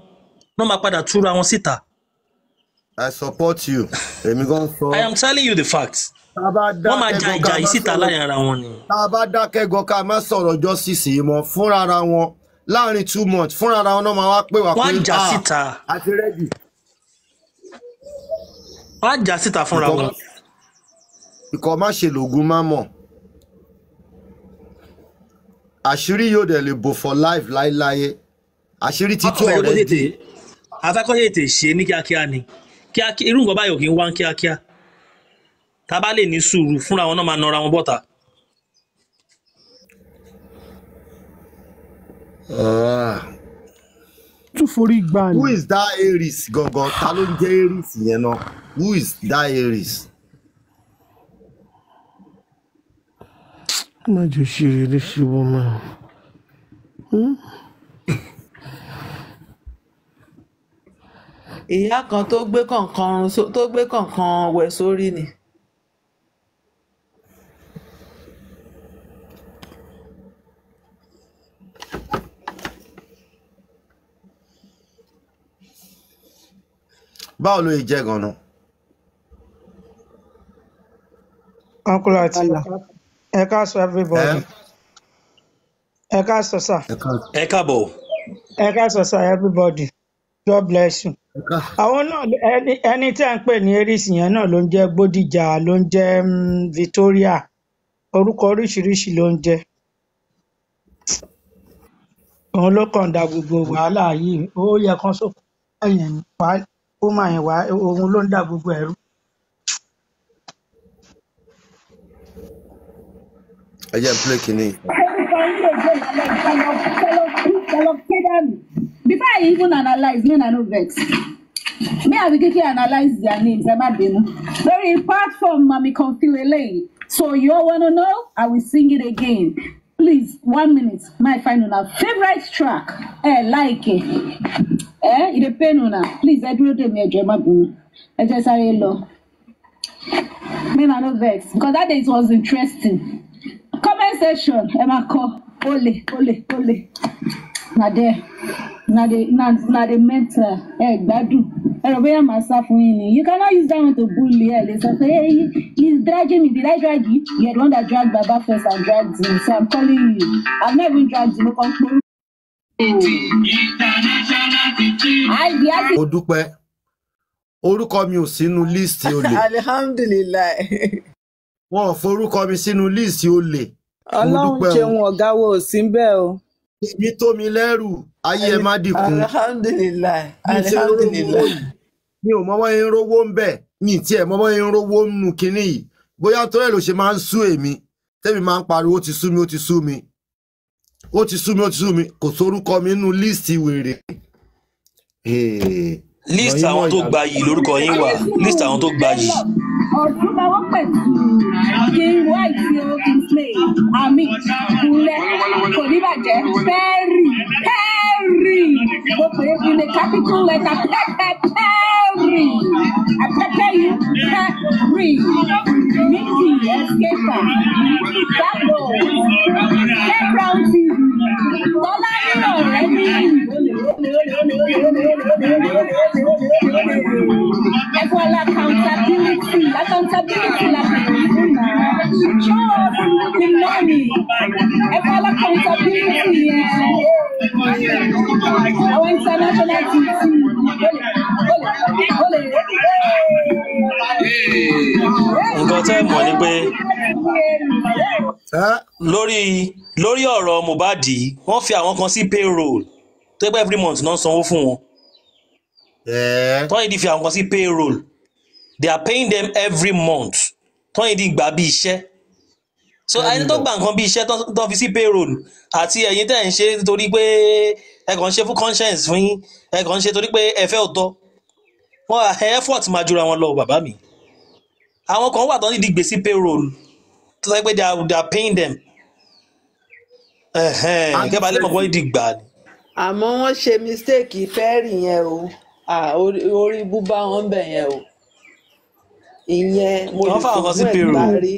náà máa padà túra wọn síta. I support you. Èmi gan sọ. I am telling you the facts. Wọ́n máa ja ìjà yìí síta láàrin ara wọn ni. Tá a bá dákẹ́ gan ká má sọ̀rọ̀ ọjọ́ sísìn mọ́ fúnra ara wọn láàrin two months fúnra ara wọn náà máa wá pè wá pé wọ́n á jà ah, síta. Wọ́n á jà síta fúnra wọn. Ikọ̀ má lògùn má mọ̀ àṣírí yóò dẹ̀ lè bò for life láéláyé àṣírí títú ọ̀rẹ́ dì. afẹ́kọ̀ọ́ ètè ṣe ní kíákíá ni irú nǹkan báyìí ò kí ń wá kíákíá tá a bá lè ní sùúrù fúnra wọn náà máa nọra wọn bọ́ta. Ah. tún forí gbani. who is that Aries gangan ta ló ń jẹ́ Aries yẹn náà who is that Aries. Má jẹ́ ṣeré léṣe wọ́n máa. Hmm? Ìyá kan tó gbé kànkan tó gbé kànkan wẹ̀ sórí ni. báwo ló jẹ́ ganan. uncle àti ẹ káàsán everybody ẹ káàsán sir ẹ káàbọ̀ ẹ káàsán sir everybody god bless you àwọn náà ẹni ẹni tí a ń pè ní eris yẹn náà ló ń jẹ́ Bódìjà ló ń jẹ́ mm, Victoria orúkọ oríṣiríṣi ló ń jẹ́ òun ló kàn dá gbogbo wàhálà yìí ó yẹ kán sókè ẹ̀yìn pa ó mà yẹn wá òun ló ń dá gbogbo ẹ̀rú I just play Kini. before i even analyze, me I no vex me and Wikiki analyze their names I'm not being very platform mami confuse eléyìí so you all want to know i will sing it again please one minute my final una favourite track eh, like it? eh, it dey on una please I do dè mí ẹ jọ̀ọ́ ẹ má bínú ẹ me I no vex because that day it was interesting station ẹ máa kọ olè olè olè na there na the na na the mentor ẹ gbádùn ẹ bóyá màá sá fún yín ni you cannot use that one to bully ẹ lè sọ pé hey he is dragging me did I drag you you are the one that drag baba first and drag me. so I am calling you I have never dragged you mo kàn pé. mo dúpẹ́ orúkọ mi ò sínú líìsì olè. alihamdulilayi. wọn ò forúkọ mi sínú líìsì olè ọlọ́run ṣeun ọ̀gá wo ò sí bẹ́ẹ̀ o. èmi tó mi lẹ́rù ayé ẹ má dìkun. alihamdulilayi alihamdulilayi. mi ò mọ́mọ́ yẹn rówó ń bẹ̀ mi tiẹ̀ mọ́mọ́ yẹn rówó ń nu kinní yìí bóyá torí ẹ̀ ló ṣe máa ń sú èmi tẹ́mi máa ń pariwo ti sú mi ó ti sú mi ó ti sú mi ó ti sú mi kò sórúkọ mi nínú líìsì wèrè. líìsì àwọn tó gbayì lórúkọ yín wà líìsì àwọn tó gbayì ọ̀túnba wọ́n pè kí white o kingsley ami kúlẹ̀ kò ní bàjẹ́ pẹ́ẹ́rì pẹ́ẹ́rì mo pè é in the capital letter pẹ́ẹ́pẹ́ pẹ́ẹ́rì àpẹ́pẹ́ yìí pẹ́ẹ́rì méjì ẹ̀ẹ́dẹ́gbà ìgbàgbọ́ playground tv bọ́lá nínú ọ̀rẹ́ mi pé lórí lórí ọ̀rọ̀ Mohbad wọ́n fi àwọn kan sí payroll tó pẹ́ every month náà sanwó fún wọn tọ́yìn di fi àwọn kan sí payroll they are paying them every month tọ́yìn di gbà bí iṣẹ́ so ẹni tó gba nǹkan bí iṣẹ́ tó fi sí payroll àti ẹ̀yin tẹ̀ ń ṣe torí pé ẹ kàn ń ṣe fún conscience fún yín ẹ kàn ń ṣe torí pé ẹ fẹ́ òótọ́ wọn effort máa jura wọn lọ bàbá mi àwọn kan wà tó ní di gbèsè payroll tó sọ pé they are they are paying them kẹba lè mọ̀ pé wọ́n di gbà ni. àmọ́ wọ́n ṣe mistake fẹ́ẹ̀rì yẹn o orí búbá wọn bẹ̀ yẹn o ìyẹn mo lè fi fún ẹ̀gbá rí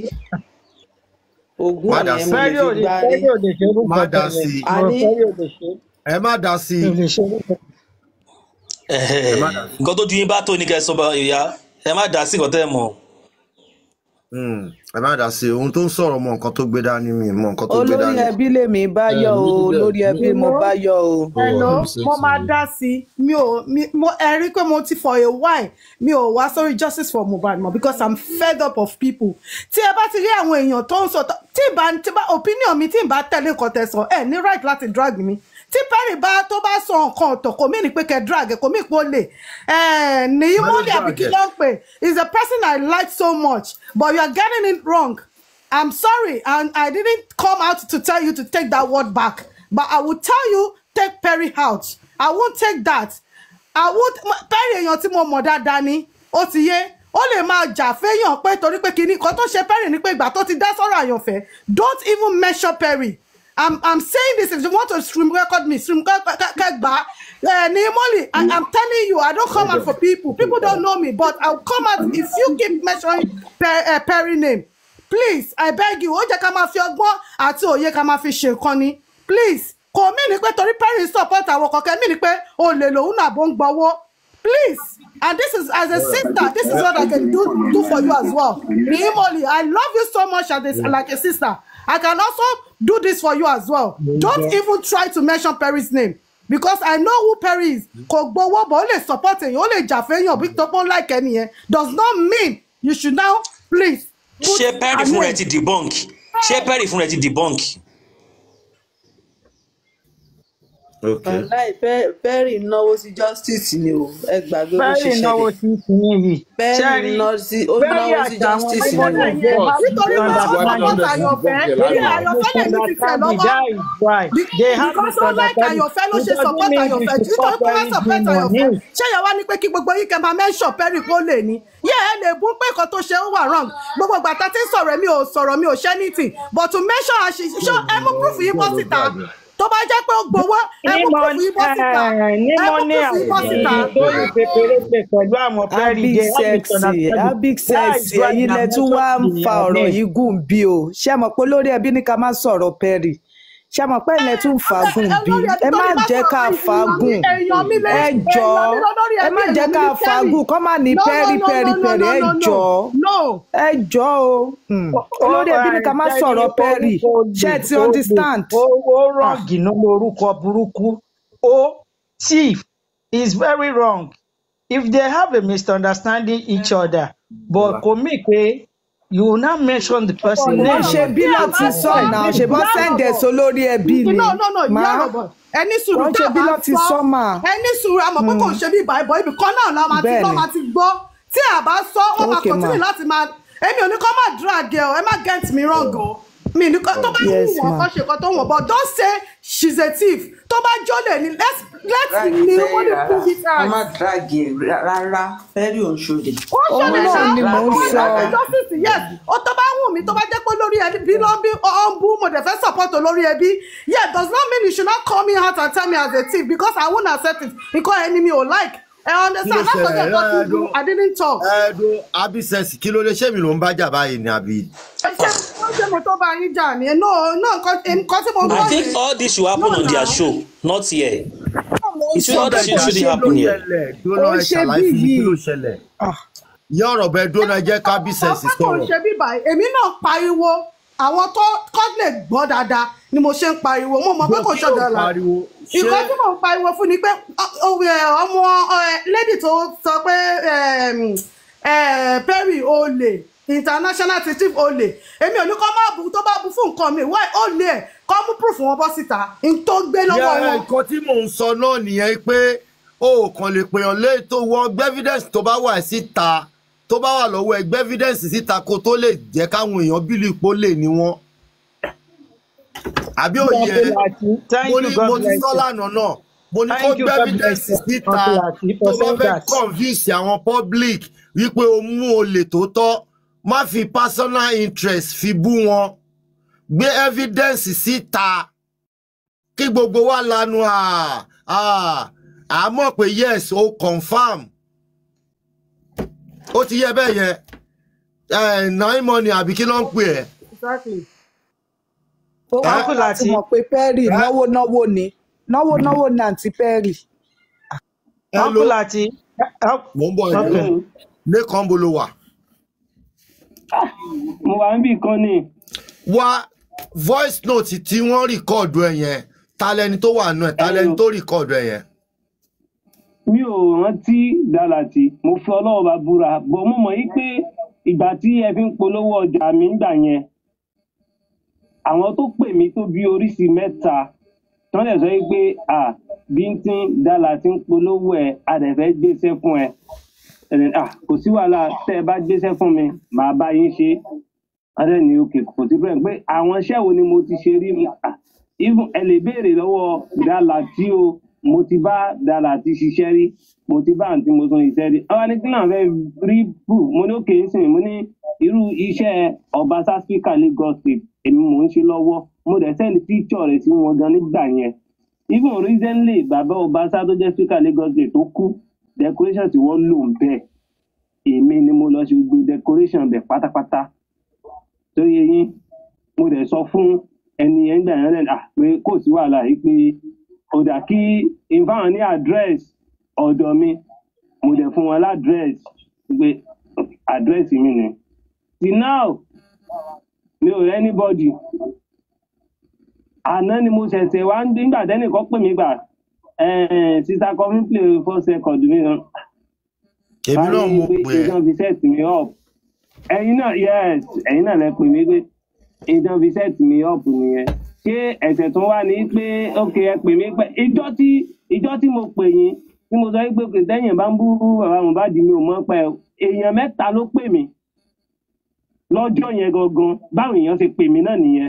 ogún ọ̀yẹ́ mo lè fi gbá rí. má dá sí i ẹ má dá sí i. nǹkan tó ju yín bá tó ní kẹsàn-án ìyá ẹ má dá sí nǹkan tẹ́ ẹ mọ̀. Hmm. ẹ má dá sí ohun tó ń sọ̀rọ̀ mọ nǹkan tó gbé dání mi mọ nǹkan tó gbé dání. olórí ẹbí lèmi bá yọ eh, o olórí ẹbí mo bá yọ o. hello mo máa dá sí mi ò mo ẹ rí pé mo ti for a while mi ò wá sórí justice for Mohbad mọ́ because i'm fed up of people tí ẹ bá ti rí àwọn èèyàn tó ń sọ tí ìbá opinion mi tí ìbá tẹ̀lé nǹkan tẹ̀sán ẹ ní right láti drag mi tí Perry bá tó bá sọ nǹkan ọ̀tọ̀ kò mí ní pé kẹ drag kò mí pé ó lè nìyí Wunmi àbí kí ló ń pè is a person I like so much but you are getting it wrong I'm sorry and I didn't come out to tell you to take that word back but I will tell you take Perry out I won't take that I won't Perry èèyàn tí mo mọ̀ dáadáa ni ó ti yé ó lè máa jà fẹ́yàn pé torí pé kinní kan tó ṣe Perry ni pé ìgbà tó ti dá sọ́rọ̀ àyànfẹ́ don't even mention Perry. I'm I'm saying this. If you want to stream record me, stream record me. Eh, Molly, I'm telling you, I don't come out for people. People don't know me, but I'll come out if you keep mentioning per, uh, eh, Perry name. Please, I beg you. Ó kama fi ọgbọ́n ati oye kama fi ṣe nǹkan Please, kò mí ni pé torí Perry support àwọn kọ̀ọ̀kẹ́ mí ni pé olè lòun náà bó ń gbọ́wọ́. Please, and this is as a sister, this is what I can do do for you as well. Ní I love you so much as this like a sister. I can also do this for you as well. Yeah. Don't even try to mention Perry's name because I know who Perry is. Kò gbowó bọ̀ ó lè support èèyàn ó lè jà fẹ́yàn bí tọ́pọ̀ like any. does not mean you should now please. Ṣé Perry fún rẹ debunk? Ṣé Perry fún rẹ debunk? ọláì bẹ́ẹ̀rì náwó sí justice ni o ẹ gbàgbé bó ṣe ṣẹlẹ̀ bẹ́ẹ̀rì náwó sí kìnìyí bẹ́ẹ̀rì náwó sí justice ni o. nítorí wọn ọmọ ọmọ àyọ̀fẹ́ ní àyọ̀fẹ́ lè ti tẹ̀ lọ́wọ́ because unlike àyọ̀fẹ́ ló ṣe support àyọ̀fẹ́ nítorí pé wọ́n support àyọ̀fẹ́ ṣé yẹn wá ní pé kí gbogbo yín kẹ́ máa mention bẹ́ẹ̀rì kó lè ní yẹ ẹ lè bú pé nǹkan tó ṣe ó wà wrong gbogbo gbàtà tí ń sọ̀rọ̀ mi ò sọ̀rọ̀ mi ò ṣẹ́ nítì but to mention àṣìṣe ẹ mú proof yín bọ́ síta tó bá jẹ́ pé ó gbowó ẹ̀mú kò fi bọ́ síta ẹ̀mú kò fi bọ́ síta. lórí pèpèrèpè pẹ̀lú àwọn pẹ́ẹ́rìndé abik sẹ́ẹ̀sì ẹ̀yin lẹ wá ń fa ọ̀rọ̀ yìí gùn bí o ṣé mọ̀ pé lórí ẹbí ní ká má sọ̀rọ̀ pẹ́ẹ́rì ṣe mọ̀ pé ilẹ̀ tún fàágùn bí ẹ má jẹ́ ká fàágùn ẹ jọ ẹ má jẹ́ ká fàágùn kọ́ má ní pẹ́rípẹ́rípẹ́rí ẹ jọ ẹ jọ o hmm. olórí ẹbí ni ká má sọ̀rọ̀ pẹ́rì ṣe ti understand. ó ah. rọ̀gì ní orúkọ burúkú ó thief is very wrong if they have a misunderstanding each eh. other but kò mí pé you will now mention the person name. ṣe bí láti sọ náà ṣe bá sẹ́ǹdẹ̀ sọ lórí ẹbí ni máa ẹni sùúrù tẹ́ ẹ̀ bá sọ ẹni sùúrù àmọ́ pé kò ṣe bí ìbàbọ̀ ibì kan náà la máa ti máa ti gbọ́ tí a bá sọ ó máa kọ̀tínì láti máa èmi ò ní kọ́ máa drag ẹ ẹ má get me wrong o mi ní tó bá wù wọ́n kọ́ ṣe kan tó wọ̀ but don't say she's a thief tó bá jólè ni let's let's ni wọ́n lè kú bí sáà. a máa dragi rárá fẹ́rí òṣòdì. ó ṣòdì náà ni mò ń sọ. ó justice yes ó tó bá wù mí tó bá jẹ́ pé lórí ẹbí bí ló ń bí ó ń bú mo dẹ̀ fẹ́ support olórí ẹbí yeah does not mean you should not call me out and tell me as a thief because I won't accept it nǹkan ẹni mi ò like ẹ ọ̀ndẹ̀sán látọ̀jọ́ kan ti du I didn't talk. ẹ do abisẹsì kí ló lè ṣé mi ló ń bá jà báyìí ni àbí. ẹ ṣe mo ṣe mo tó bá yín jà ni no no nǹkan tí mo gbọ́ ni. I think all this should happen on their show not here. it should all this should happen here. ó ṣe bí yìí. yọ̀rọ̀ bẹ́ẹ̀ dúró náà jẹ́ kábísẹ̀sì sọ̀rọ̀. èmi náà pariwo àwọn tó kọ́ lè gbọ́ dáadáa ni mo ṣe ń pariwo mo mọ̀ pé kò ṣọ̀dọ̀ la ìkọ́ tí mo ń pariwo fún ni pé eh, ọmọ eh, lady tó sọ pé ehm, eh, Perry olè international detective olè èmi ò ní kọ́ máa bu tó bá bu fún nǹkan mi Why olè ẹ̀ kọ́ mú proof wọn bọ́ síta n tó gbé lọ́wọ́ wọn. yàrá nǹkan tí mò ń sọ náà nìyẹn pé o kàn lè pèèyàn lé tó wọ evidence tó bá wà síta tó bá wà lọ́wọ́ ẹgbẹ́ evidence síta kó tó lè jẹ́ káwọn èèyàn bílù ipò lè ní wọn. àbí òye mo ní mo ti sọ lánàá náà mo ní kó gbé evidence síta tó bá fẹ́ convince àwọn public wípé o mú olè tó tọ́ má fi personal interest fi bú wọn gbé evidence síta kí gbogbo wa lanu àmọ́ ah, ah, pé yes o confirm ó ti yẹ bẹ́ẹ̀ yẹ nine money àbí kí ló ń pè ẹ́. ó wá kó láti mọ̀ pé perry náwó náwó ni náwó náwó ni àǹtí perry. wọ́n kó láti. mo ń bọ̀ yìí lẹ́kàn bó ló wà. Ah, mo wà níbì kan ni. wá voice note tí wọ́n rìkọ́ọ̀dù ẹ̀ yẹn ta lẹni tó wà nù ẹ̀ ta lẹni tó rìkọ́ọ̀dù ẹ̀ yẹn mi ò rántí gàlàtì mo fi ọlọ́wọ́ bá búra bọ̀ mo mọ̀ yín pé ìgbà tí ẹ fi ń polówó ọjà mi ń gbà yẹn àwọn tó pè mí tó bí oríṣi mẹ́ta tí wọ́n dẹ̀ sọ pé à bíntín gàlàtì ń polówó ẹ̀ a dẹ̀ fẹ́ gbéṣẹ́ fún ẹ kò sí wàhálà tẹ́ ẹ bá gbéṣẹ́ fún mi màá bá yín ṣe ọ̀rẹ́ ni òkè kò sí bẹ́ẹ̀ pé àwọn iṣẹ́ wo ni mo ti ṣe rí mi ẹ lè béèrè lọ́wọ́ gàlàtì o mo ti bá dara ti ṣiṣẹ́ rí mo ti bá àǹtí mo tún iṣẹ́ rí àwọn ẹni tí náà fẹ́ rí bù mo ní òkè ń sìn mo ní irú iṣẹ́ ọba sáfíkà ní gospel èmi mò ń ṣe lọ́wọ́ mo dẹ̀ sẹ́ni píkṣọ̀ rẹ̀ sí wọn gan nígbà yẹn even recently bàbá ọba sá tó jẹ́ spíkà ní gospel tó kú decoration tí wọ́n lò ń bẹ̀ èmi ni mo lọ ṣe gbogbo decoration bẹ̀ pátápátá tó yẹ yín mo dẹ̀ sọ fún ẹni ẹgbẹ̀rún rẹ̀ ah, pé kò sí wàhálà yìí pé ó dà kí ìfáwọn ní address ọ̀dọ̀ mi mo dẹ̀ fún wọn ládress pé address mi ni till now mi ò rẹ́ anybody àná ni mo ṣẹ̀ṣẹ̀ wá nígbà tẹ́nìkan pè mí gbà sísá kọfí play four second mi ràn èmi náà mo pè é ìdán fi set me up ẹ̀yin náà yes ẹ̀yin náà lẹ pè mí pé ìdán fi set me up nìyẹn ṣé ẹ̀sẹ̀ tó wà ní pé ókè ẹ pè mí pẹ́ ìjọ́ tí ìjọ́ tí mo pè yín tí mo sọ pé òkè tẹ́yìn bá ń bú bàbá Mohbad mi ò mọ̀ pẹ́ èèyàn mẹ́ta ló pè mí lọ́jọ́ yẹn gangan báwọn èèyàn ṣe pè mí náà nìyẹn.